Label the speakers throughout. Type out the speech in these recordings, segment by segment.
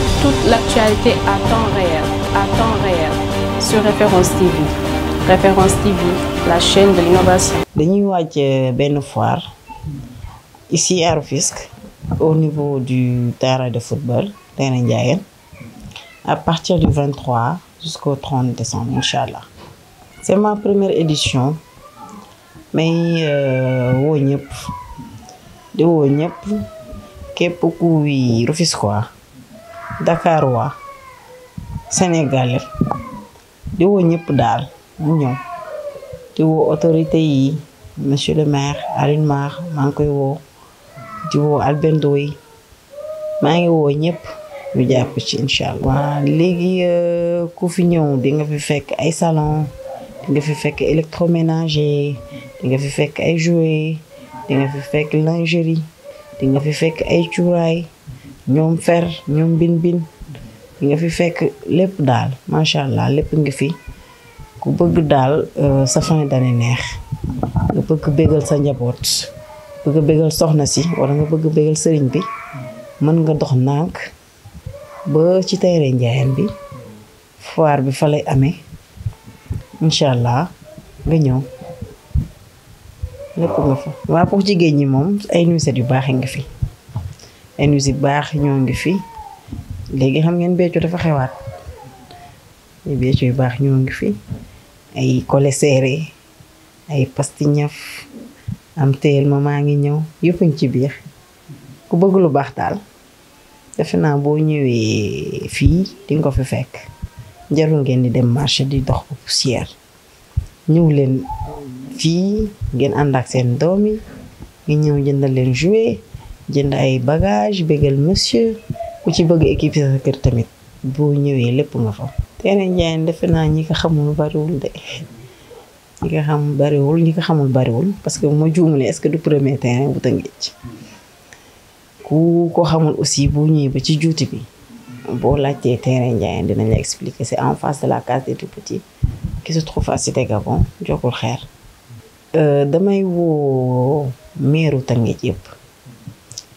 Speaker 1: toute, l'actualité à temps réel, à temps réel, sur Référence TV. Référence TV, la chaîne de l'innovation. Nous suis Ben ici à Rufisque, au niveau du terrain de football, à partir du 23 jusqu'au 30 décembre, Inch'Allah. C'est ma première édition, mais euh, de à képp dakarois sénégalais di wo ñëpp daal ñu ñëw di woo autorité yi monsieur le maire Alioune Mar maa ngi koy woo di wo albendo yi maa ngi woo ñëpp ñu jàpp ci incha allah. léegi euh, ku fi ñëw di nga fi fekk ay salon di nga fi fekk électroménager di nga fi fekk ay jouets di nga fi fekk lingerie di nga fi fekk ay cuuraay. ñoom fer ñoom bin bin nga fi fekk lépp daal macha allah lépp nga fi ku bëgg daal euh, sa fin d'année neex nga bëgg bégal sa njaboot bëgg bégal soxna si wala nga bëgg bégal sëriñ bi mën nga dox nànk ba ci tayre njaayam bi foire bi fa lay amee incha allah nga ñëw lépp nga fa waa pour jigéen ñi moom ay nuisette yu baax nga fi ay news baax ñoo ngi fi léegi xam ngeen beccu dafa xewaat ay yu baax ñoo ngi fi ay coleseere ay pastiñaf am teel ma maa ngi ñëw yépp a ngi ci biir ku bëgg lu baax daal defe naa boo ñëwee fii di ko fi fekk jarul ngeen di dem marché di dox ba poussière ñëw leen fii ngeen ànd ak seen doom yi ngi ñëw jëndal leen jouet jënd ay bagage bégal monsieur ku ci bëgg équipe sa kër tamit boo ñëwee lépp nga fa teene defe naa ñi ko xamul bariwul de ñi ko xam bariwul ñi ko xamul bariwul parce que ma juumu ne est-ce que du premier terrain bu Tëngéej ku ko xamul aussi boo ñëwee ba ci juuti bi boo laajtee terrain njaayan dinañ la expliquer c'est en face de la case des tout-petits qui se trouve à Cité Gabon Diokoul euh, xeer damay woo meeru Tëngéej yëpp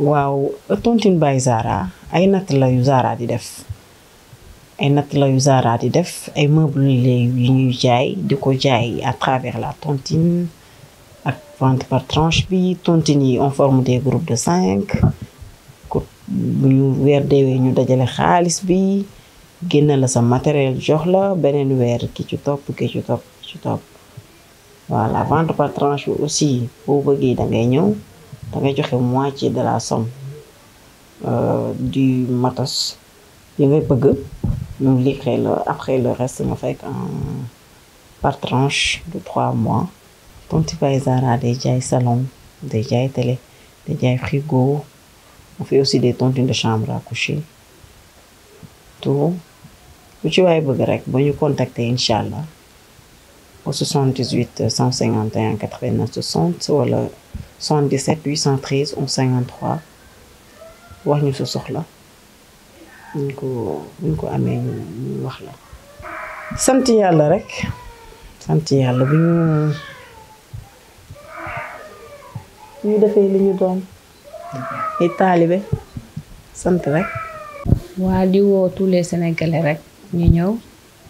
Speaker 1: waaw tontine Baye Zara ay natt la yu Zara di def ay natt la yu Zara di def ay meubles yu ñuy jaay di ko jaay à travers la tontine ak vente par tranche bi tontine yi on forme des groupes de cinq bu ñu weer deewee ñu dajale xaalis bi génn la sa matériel jox la beneen weer ki ci topp ki ci topp ki ci topp voilà, la vente par tranche aussi pour vous, da ngay ñëw moitié de la somme euh, du matos yi pouvez bëgg lire, après le reste on fait en par tranche de trois mois Tontify Zara des jay salon des jay télé des jay frigo on fait aussi des tontines de chambre à coucher tout vous ci vous bëgg rek contacter inshallah au 78 151 89 60 wala 77 813 153 wax ñu sa soxla ñu ko ñu ko amee ñu wax la. sant yàlla rek sant yàlla bu ñu ñu defee li ñu doon ay taalibe sant rek. waa di woo tous les sénégalais rek ñu ñëw.